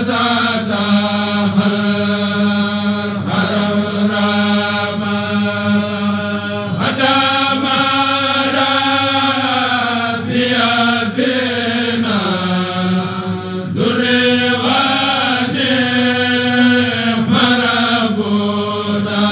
wa na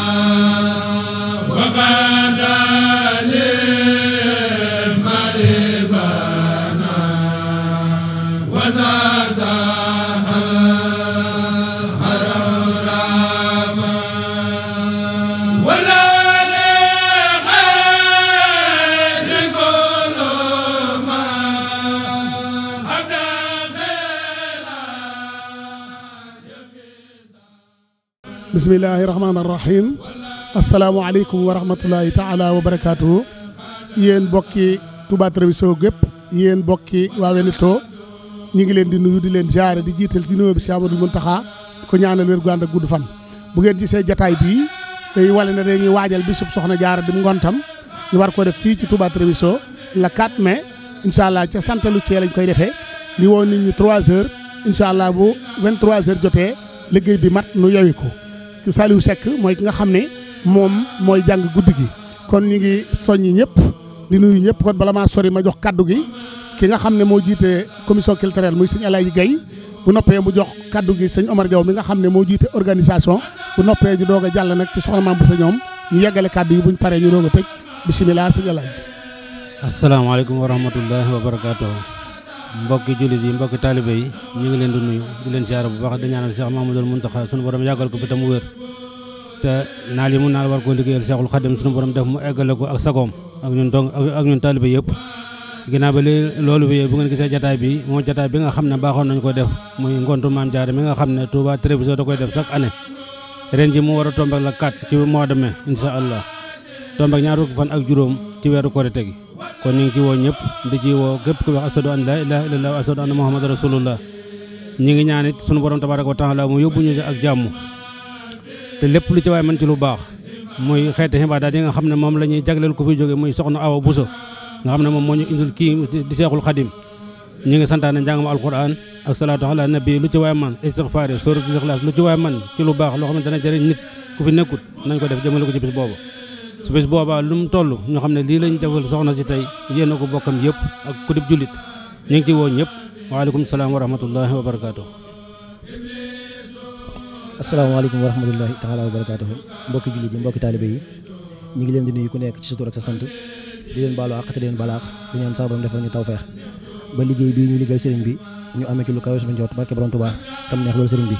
bismillaahi rahmaani rahiim asalaamaaleykum wa rahmatullaahi taala wa barakaatu. yéen bokki Touba Treviso gépp yéen bokki waa Weneto ñu ngi leen di nuyu di leen ziare di jiital ci nuyoo bi si Amadou mun taxa ko ñaanal wér gu ànd ak gudd fan. bu ngeen see jataay bii day wale na dañuy waajal bi bisub soxna jaara di ngontam ñu war koo def fii ci Touba Treviso la 4 mai incha allah ca santalu cee lañ koy defee di woo nit ñi 3 heures incha allah bu 23 heures jotee liggéey bi mat nu yewi ko. Mbàkke Saliou Seck mooy ki nga xam ne moom mooy jàng guddi gi kon ñu ngi soñ soññi ñëpp di nuyu ñëpp kon bala maa sori ma jox kàddu gi ki nga xam ne moo jiite commission culturelle muy sëñ Alaaji Gaye bu noppee mu jox kàddu gi sëñ Omar Diaw mi nga xam ne moo jiite organisation bu noppee ñu doog jàll nag ci soxna maam bu sa ñoom ñu yeggale kaddu yi buñ paree ñu doog a tëj bisimilah sëñ Alaaji asalaamaaleykum wa rahmatullahi wa barakaatuh mbokki jullit yi mbokki taalibe yi ñu ngi leen di nuyu di leen siyaara bu baax di ñaanal Cheikh Mamadou Mountakha sunu borom yàggal ko fi tam wér te naal yi mu naal war koo liggéeyal Cheikhul Khadim sunu borom def mu eggale ko ak sagoom ak ñun taalibe yëpp ginnaaw ba li loolu bi bu ngeen gisee jataay bi moo jataay bi nga xam ne baaxoon nañu ko def muy ngontu maam Jaara mi nga xam ne Touba télévision da koy def chaque année ren ji mu war a tombé la 4 mois de mai incha allah tombé ñaar fukki fan ci weeru korite gi kon ñu ngi ci woo ñëpp di ci woo képp ku wax asadu an laa ilaha illallah wa asadu anna muhammad rasulullah ñu ngi ñaan it sunu borom tabaraka wa taala mu yóbbu ñu ci ak jàmm te lépp lu ci waay mën ci lu baax muy xeeti xibaadaat yi nga xam ne moom la ñuy jagleel ku fi jóge muy soxna Awa Bousso nga xam ne moom moo ñu indil kii di seexul xadim ñu ngi santaane njàngam alquran ak salaatu ala nabi lu ci waay man istigfaar suratul ixlaas lu ci waay man ci lu baax loo xam ne dana jëriñ nit ku fi nekkut nañ ko def jëmale ko ci bis boobu su bés boobaa lu mu toll ñu xam ne lii lañ defal soxna si tey yéen a ko bokkam yëpp ak ku dib jullit ñu ngi ci woo ñëpp waaleykum salaam wa rahmatullahi wa barakaatu. asalaamaaleykum wa rahmatullahi taala wa barakaatu mbokki jullit yi mbokki taalibe yi ñu ngi leen di nuyu ku nekk ci sa tur ak sa sant di leen baalu àq te leen balaax di ñaan sax ba mu defal tawfeex ba liggéey bii ñu liggéeyal sëriñ bi ñu amee ci lu kawe suñu njort barke borom Tuubaa tam neex loolu sëriñ bi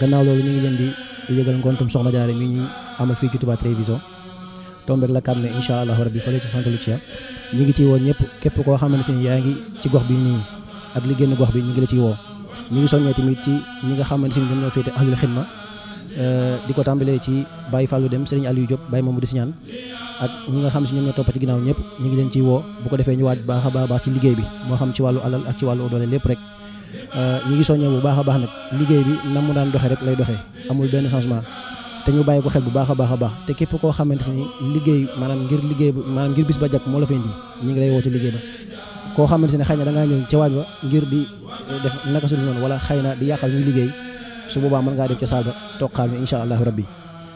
gannaaw loolu ñu ngi leen di yëgal ngontum soxna jaare mi ñuy amal fii ci Touba Télévision tombeek la kat ne incha allah rabbi fële ci Santa Lucia ñi ngi ciy woo ñëpp képp koo xamante ne yaa ngi ci gox bi nii ak li génn gox bi ñi ngi la ciy woo ñi ngi ci ñi nga xamante ne ñoom ñoo féete ahlul xidma euh, di ko tàmbalee ci Baye Fallou Dem Serigne Aliou Diop Baye Mamadou Signane ak ñi nga xam si ñoom ñoo topp ci ginnaaw ñëpp ñi ngi leen ciy woo bu ko defee ñu waaj baax a baax baax ci liggéey bi moo xam ci wàllu alal ak ci wàllu doole lépp rek euh, ñi ngi soññee bu baax a baax nag liggéey bi na mu daan doxe rek lay doxee amul benn changement te ñu bàyyi ko xel bu baax a baax a baax te képp koo xamante ni liggéey maanaam ngir liggéey maanaam ngir bis ba jàkk moo la fay indi ñu ngi lay woo ci koo xamante ni xëy na da ngaa ñëw ngir di eh, def naka wala xëy na di yàqal ñuy liggéey su boobaa mën ngaa dem ca saal ba toog xaar ñu incha allahu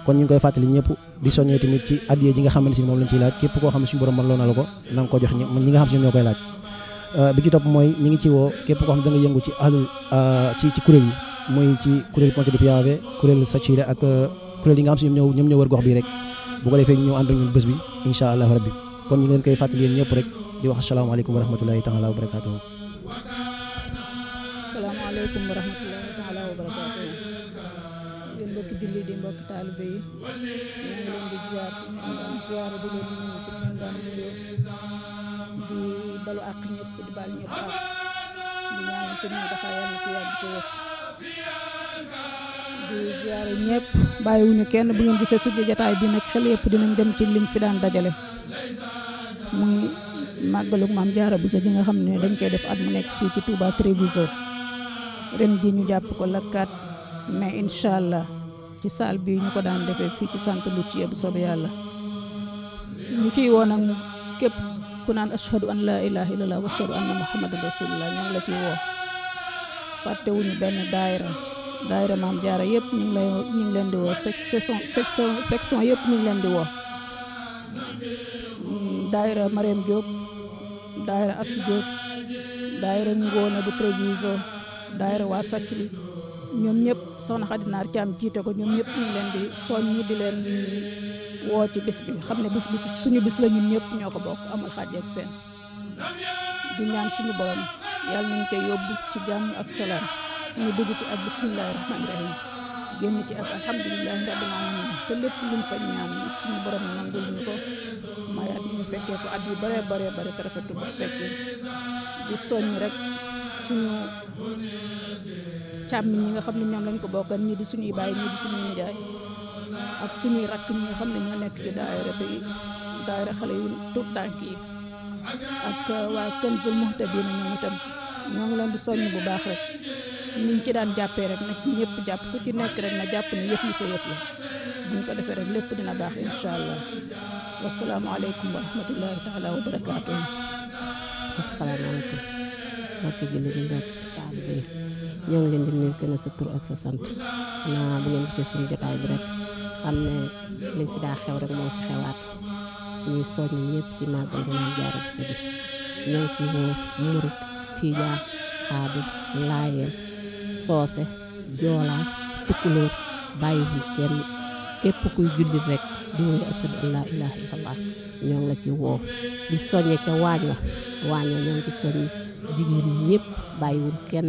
kon ñu ngi koy fàttali ñëpp di soññee tamit ci addiye nga xamante ni moom lañ ci laaj képp koo xam ne suñu borom mën loo na la ko na nga ko jox ñi nga xam si ñoo koy laaj euh, bi ci topp mooy ñi ngi ci woo képp koo xam ne da nga yëngu ci ahlul euh, ci ci kuréel yi muy ci kuréel Ponte di Piave kuréel Sacile ak euh, kuréel yi nga xam si ñoom ñoom ñoo war gox bi rek bu ko defee ñu ñëw ànd ak ñun bés bi incha allahu rabbi kon ñu ngi leen koy fàttali yéen ñëpp rek di wax asalaamaaleykum wa rahmatulahi taala wa yi ñu ngi leen di ziar fi ñu daan ziar di ñu daan nuyoo di balu àq ñëpp di baal ñëpp àq di ñaan di ziare ñëpp ñu kenn bu ngeen gisee suñu jotaay bi nag xel yëpp dinañ dem ci liñ fi daan dajale muy màggalu maam jaara Bousso gi nga xam ne dañ koy def at mu nekk fii ci Touba Treviso ren gi ñu jàpp ko la 4 mai incha allah ci salle bi ñu ko daan defee fii ci sant lu ci bu soobee yàlla ñu ciy woo nag képp ku naan ashhadu an laa ilaha illallah wa ashhadu anna muhammadan rasulullah ngi la ciy woo fàttewuñu benn daayira daayira maam jaara yëpp ñu ngi lay ñu ngi leen di woo section section section yëpp ñu ngi leen di woo mm, daayira Marème Diop daayira Assu Diop daayira Ngoone bu Treviso daayira waa Sàccli ñoom ñëpp soxna Xadi Naar Caam jiite ko ñoom ñëpp ñu leen di soññu di leen woo ci bis bi xam ne bis bi suñu bis la ñun ñëpp ñoo ko bokk amul xàjj ak seen di ñaan suñu borom yàlla nañ koy yóbbu ci jàmm ak salaam ñu dugg ci ak bisimilahi rahmaani génn ci ak alhamdulilahi rabbil alamin te lépp luñ fa ñaan suñu borom nangul ñu ko mayaat ñu fekkee ko at yu bare bare bare te rafetu bu di soññ rek suñu càmmiñ ñi nga xam ne ñoom lañ ko bokkan ñii di suñuy baay ñii di suñuy nijaay ak suñuy rakk ñi nekk ci daayira bi daayira xale yu tuut tànk yi ak waa Kanzul Muhtadina ñoom itam ñoo ngi leen di soññ bu baax rek niñ ki daan jàppee rek nag ñëpp jàpp ku ci nekk rek na jàpp ne yëf yi sa yëf la buñ ko defee rek lépp dina baax incha allah wasalaamualeykum wa rahmatullahi taala wa barakaatu. asalaamaaleykum mbokki julli di mbokki taalibe yi ñoo ngi leen di nuyu gën a sa tur ak sa sant naa bu ngeen gisee suñu jotaay bi rek xam ne liñ fi daa xew rek moo xewaat ñuy soññ ñëpp ci màggal bu naan jaarab sa bi ñoo ngi ci woo murit tiijaan xaadim soose joolaa tukkulóor bàyyiwul kenn képp kuy jullit rek di woy asadu an laa ilaha illallah ñoo ngi la ci woo di soññe ca waañ wa waañ wa ñoo ci soññ jigéen ñi ñëpp bàyyiwul kenn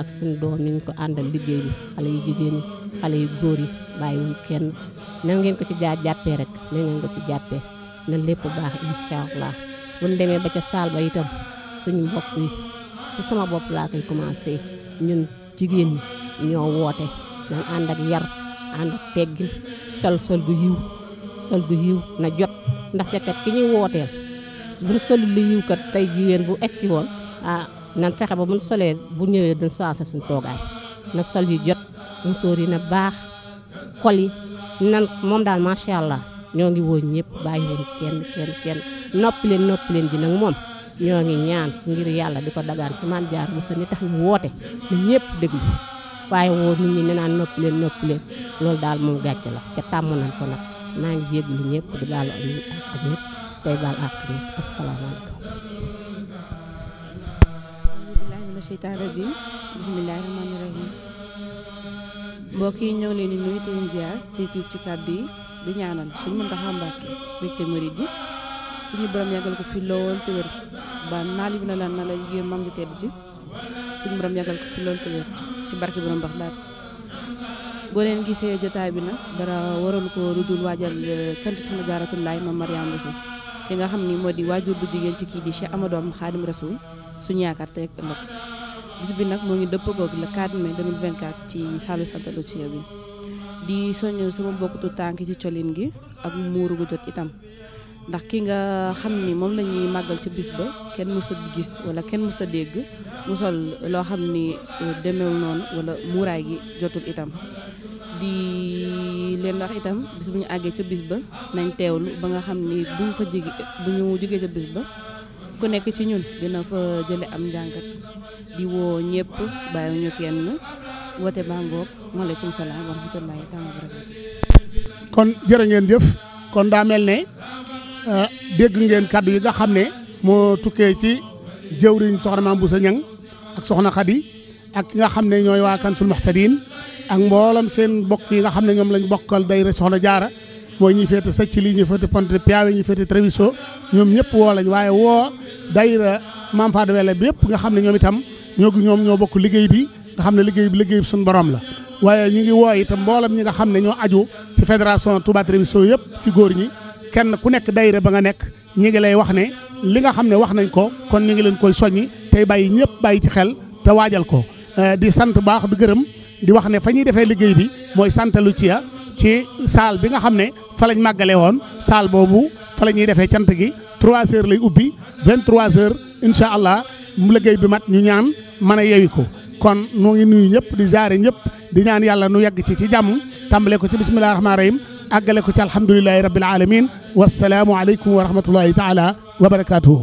ak suñu doom yi ñu ko àndal liggéey bi xale yu jigéen ñi xale yu góor yi bàyyiwul kenn nan ngeen ko ci jaa jàppee rek na ko ci jàppee na lépp baax incha allah bu demee ba ca saal ba itam suñu mbokk yi ci sama bopp laa koy commencé ñun jigéen ñi ñoo woote nañ ànd ak yar ànd ak teggin sol sol gu yiw sol gu yiw na jot ndaxte kat ki ñuy wooteel bu solul li yiw kat tey jigéen bu egsi woon ah nan fexe ba mun solee bu ñëwee dañ saase suñ toogaay na sol yi jot musóor yi na baax kol yi nan moom daal macha allah ñoo ngi woon ñëpp bàyyi woon kenn kenn kenn noppi leen noppi leen ji nag moom ñoo ngi ñaan ci ngir yàlla di ko dagaan ci maam jaar bu sa ni tax ñu woote na ñëpp déglu waaye woo nit ñi ne naan nopp leen nopp leen loolu daal moom gàcc la ca tàmm nañ ko nag maa ngi jéglu ñëpp di baal ak ñëpp tey baal ak ñëpp asalaamaaleykum aousubillahi mina sheytan rahim mbokk yi leen di nuyu te ziar te ci kàddu yi di ñaanal sëñ Muntaxa Mbàkke mbégte murid yi suñu borom yàggal ko fi lool te wér ba naal bi na laan na la liggéey maam ji tedd ji suñu borom yàggal ko fi loolu te wér ci barke borom Baxdaad boo leen gisee jotaay bi nag dara waral ko lu dul waajal euh, cant soxna jaaratullaay ma Mariam ki nga xam ni moo di waajur bu jigéen ci kii di Cheikh Amadou am Xaadim Rasul suñu yaakaar tey ak ëllëg bis bi nag moo ngi dëpp koog le 4 mai 2024 ci Saalu Santa Lucia bi di soññ sama mbokkutu tànk ci colin gi ak muuru gu jot itam ndax ki nga xam ni moom la ñuy màggal ca bis ba kenn mu mësta gis wala kenn mësta dégg mu sol loo xam ni euh, demeewul noonu wala muuraay gi jotul itam di leen wax itam bis bu ñu àggee ca bis ba nañ teew teewlu ba nga xam ni duñ fa jóge bu ñu jógee ca bis ba ku nekk ci ñun gën a fa jële am njàngat di woo ñëpp bàyyiwuñu kenn woote baa ngoog maaleykum salaam wa rahmatullaahi taala wa barakaatu kon jërë jëf kon daa mel ne Euh, dégg ngeen kàddu yi nga xam ne moo tukkee ci jëwriñ soxna maam sa Niang ak soxna Khady ak ki nga xam ne ñooy waa Kansul Muhtadin ak mboolam seen bokk yi nga xam ne ñoom lañ bokkal dayra soxna jaara mooy ñi féete sëcc lii ñi féete Ponte Piave ñi féete Treviso ñoom ñëpp woo lañ waaye woo dayra maam Fade Wele bi yëpp nga xam ne ñoom itam ñoo ñoom ñoo bokk liggéey bi nga xam ne liggéey bi liggéey bi suñu borom la waaye ñu ngi woo itam mboolom ñi nga xam ne ñoo aju ci fédération Touba Treviso yëpp ci góor ñi kenn ku nekk dayre ba nga nekk ñi ngi lay wax ne li nga xam ne wax nañ ko kon ñu ngi leen koy soññi tey bàyyi ñëpp bàyyi ci xel te waajal ko euh, di sant baax di gërëm di wax ne fa ñuy defee liggéey bi mooy Santa Lucia ci saal bi nga xam ne fa lañ màggale woon saal boobu fa la ñuy defee cant gi 3 heures lay ubbi 23 heures incha allah mu liggéey bi mat ñu ñaan man a yewi ko kon nu ngi nuyu ñëpp di jaare ñëpp di ñaan yàlla nu yegg ci ci jàmm tàmbale ko ci bisimillahi rahmani rahim àggale ko ci alhamdulilahi rabbil wa wasalaamu aleykum wa rahmatullahi taala wa barakatuhu